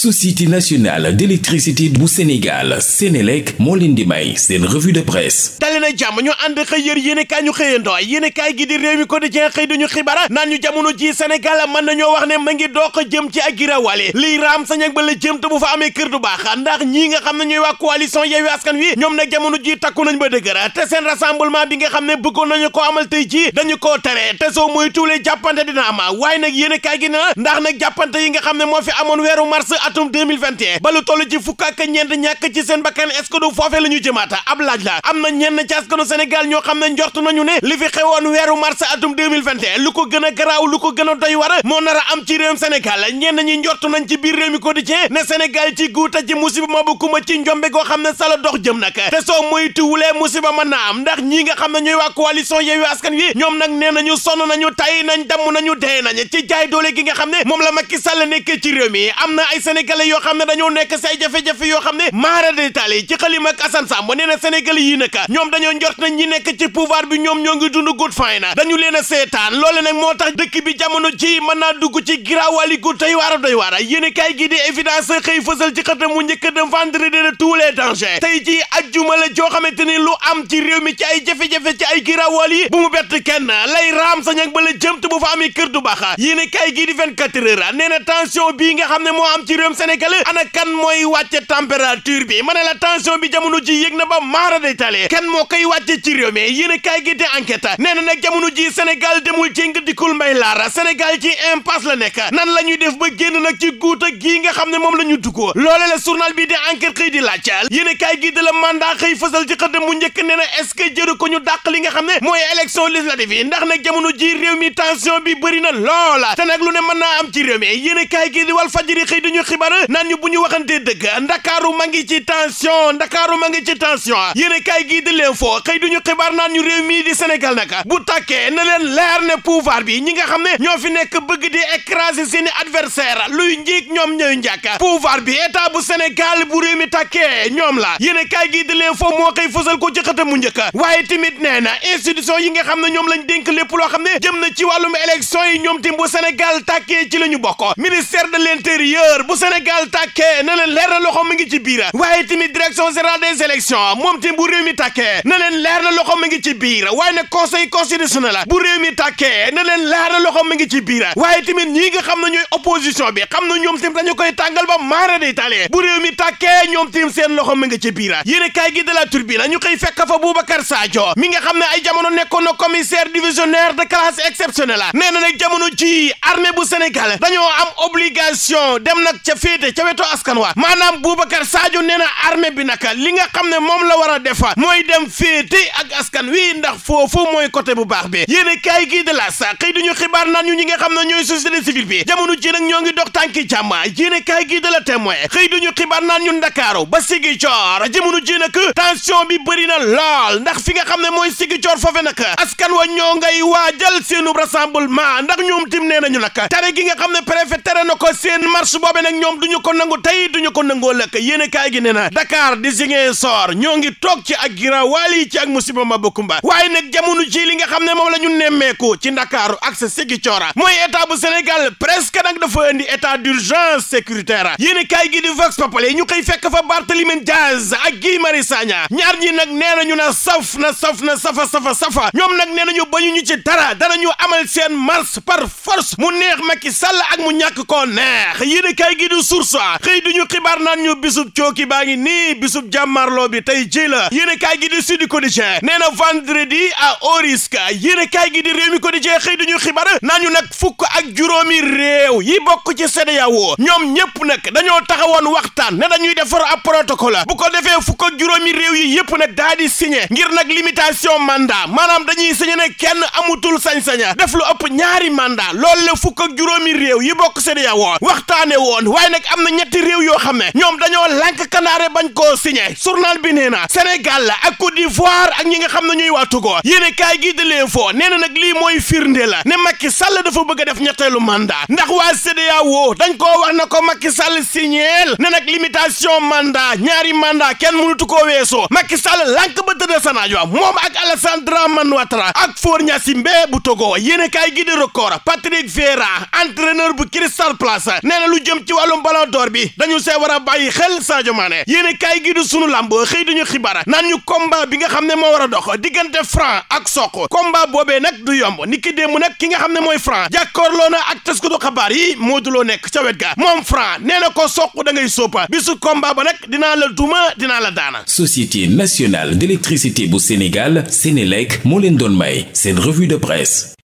société nationale d'électricité bu Sénégal Sénélec moo leen di may seen revue de presse dali na jàmm ñu ànd xëy yër yéen i kaay ñu xëyandoo yéen i kaay gi di réew mi quotidien xëy dañu xibara naan ñu jamono ji Sénégal mën nañoo wax ne ma ngi dox jëm ci ak girawale liy raam sañak ba la jëm te bu fa amee kër du baax ndax ñii nga xam ne ñooy waa coalition Yewwi Askan Wi ñoom nag jamono ji takku nañ ba dëgër te seen rassemblement bi nga xam ne bëggoon nañu ko amal tey ji dañu koo tere te soo muy tuulee jàppante dina am yi nga xam ne moo fi amoon weeru atum 2021 ba lu toll ci fukk ak ñeent ñàkk ci seen bakkan est-ce que du foofee la ñu jëmaata ab laaj la am na ñenn ci askanu Sénégal ñoo xam ne njort nañu ne li fi xewoon weeru mars atum 2021 lu ko gën a lu ko gën a war moo nar a am ci réewum Sénégal ñenn ñi njort nañ ci biir réew mi quotidien ne Sénégal ci guuta ci musiba ma bu kuma ci njombe goo xam ne sala dox jëm nag te soo moytuwulee musiba mën naa am ndax ñii nga xam na ñooy waa coalition Yewwi Askan Wi ñoom nag nee nañu sonn nañu tay nañ damm nañu dee nañ ci jaay doole gi nga xam ne moom la Macky Sall nekkee ci na ay sénégalais yoo xam ne dañoo nekk say jafe-jafe yoo xam ne maara détaal dañu leen a seetaan loole nag moo tax dëkk bi jamono ji mën naa dugg ci giraawaali gu tey waara doy waara yéen kaay gi xëy fësal ci mu njëkk dem vendredi de tous les dangers tey ji ajjuma la joo xamante ni lu am ci réew mi ci ay jafe-jafe ci ay giraawaal bu mu bett kenn lay raam sa ñag ba la jëmt bu fa kër du baax yéen kaay gi di nee na tension bii nga xam ne moo am ci réew ñoom sénégalais ana kan mooy wàcce température bi ma ne la tension bi jamono ji yëg na ba maara day tale kan moo koy wàcce ci réew mi yéen a kaay gi di enquête nee na nag jamono ji sénégal demul ci nga dikkul mbay laara senegal ci impasse la nekk nan la ñuy def ba génn nag ci guuta gii nga xam ne moom la ñu duggoo loole la journal bi di enquête xëy di laajcaal yéen a kaay gi di la mandat xëy fësal ci xëdd mu njëkk nee na est-ce ko ñu dàq li nga xam ne mooy élection législative yi ndax nag jamono ji réew mi tension bi bëri na loola te nag lu ne mën am ci réew a kaay xibaar naan ñu bu ñu waxantee dëgg ndakaaru ma ngi ci tension ndakaaru ma ngi ci tension yéen a kaay gii di leen foo xëy ñu xibaar naan ñu réew mii di Sénégal nag bu tàkkee na leen leer ne pouvoir bi ñi nga xam ne ñoo fi nekk bëgg di écraser seeni adversaire luy njiig ñoom ñooy njàkk pouvoir bi état bu Sénégal bu réew mi tàkkee ñoom la yéen a kaay gii di leen fo moo xëy fësal ko ci mu njëkk waaye tamit nee na institution yi nga xam ne ñoom lañ dénk lépp loo xam ne jëm na ci wàllum élection yi ñoom tim bu Sénégal tàkkee ci la ñu bokk ministère de l'intérieur bu Sénégal tàkkee na leen leer na loxo mi ngi waaye tamit direction générale des élections moom tamit bu mi tàkkee na leer na loxo mi ngi ci biir waaye nag conseil constitutionnel bu mi tàkkee na leer na loxo mi ngi waaye tamit ñii nga xam ne ñooy opposition bi xam na ñoom tamit dañu koy tàngal ba maara day talee mi tàkkee ñoom tamit seen loxo mi ngi ci biir gi de la turbine ñu koy fekk fa Boubacar Sadio xam ne ay jamono féete ca wetu askan wa maanaam Boubacar Sadio nee na armée bi naka li nga xam ne moom la war a def mooy dem féete ak askan wii ndax foofu mooy côté bu baax bi yéen a kaay gii de la sa xëy duñu xibaar naan ñu ñi nga xam ne ñooy société civile bi jamono ji nag ñoo ngi dox tànki jàmm yéen a kaay gii de la témoin xëy duñu xibaar naan ñu ndakaaru ba sigi coor jamono ji nag tension bi bëri na lool ndax fi nga xam ne mooy sigi coor foofe nag askan wa ñoo ngay waajal seenu rassemblement ndax ñoom tim nee nañu nag tere gi nga xam ne tere na ko seen marche boobe nag ñoom duñu ko nangu tey duñu ko nangoo lekk yéen kaay gi nee na di Ziguinchor ñoo ngi toog ci ak giraawaal yi ci ak musiba ma bokkumba waaye nag jamono ji li nga xam ne moom la ñu nemmeeku ci Ndakaaru ak sa Ziguinchor mooy état bu Sénégal presque nag dafa indi état d'urgence sécuritaire yéen kaay gi di Vox Populi ñu koy fekk fa Barthélémy Diaz ak Guy Marius Sagna ñaar ñi nag nee ñu na saf na saf na safa safa safa ñoom nag nee nañu bañu ñu ci dara danañu amal seen marche par force mu neex Macky Sall ak mu ñàkk koo di source xëy duñu xibaar naan ñu bisub cooki baa ngi nii bisub jàmmarloo bi tey ji la yéen kaay gi di Sud Quotidien nee na vendredi à haut risque yéen kaay gi di Rewmi Quotidien xëy duñu xibaar naan ñu nag fukk ak juróomi réew yi bokk ci CEDEAO ñoom ñëpp nag dañoo taxawoon waxtaan ne dañuy defar ab protocole bu ko defee fukk ak juróomi réew yi yëpp nag daa di signé ngir nag limitation mandat maanaam dañuy signé ne kenn amutul sañ-saña def lu ëpp ñaari mandat loolu la fukk ak juróomi réew yi bokk CEDEAO waxtaane woon waaye nag am na ñetti réew yoo xam ne ñoom dañoo lànk kanaare bañ koo signé journal bi nee na Sénégal la ak Côte d'Ivoire ak ñi nga xam ne ñooy waa Togo yéen kaay gi de l'info nee na nag lii mooy firnde la ne Macky Sall dafa bëgg a def ñetteelu mandat ndax waa CEDEAO dañ koo wax na ko Macky Sall signeel ne nag limitation mandat ñaari mandat kenn mënutu koo weesoo Macky Sall lànk ba tëdd sanaaj wa moom ak Alassane Dramane Ouattara ak Faure Gnassingbé bu Togo yéen kaay gi de record Patrick Vieira entraîneur bu Crystal Palace nee lu jëm ci wàllu wàllum ballon d'or bi dañu see war a bàyyi xel Sadio Mané yéen kaay gi du sunu làmb xëy duñu xibaar naan ñu combat bi nga xam ne moo war a dox diggante Franc ak Sokh combat boobee nag du yomb ni ki démb nag ki nga xam ne mooy fran Franc jàkkaarloo na ak taskatu xabaar yi Modou Lo nekk ca wet ga moom Franc nee na ko Sokh da ngay sóopa bisu combat ba nag dinaa la duma dinaa la daana Société nationale d'électricité bu Sénégal Sénélec moo leen doon may seen revue de presse